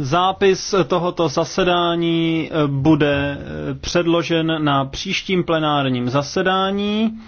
Zápis tohoto zasedání eh, bude eh, předložen na příštím plenárním zasedání.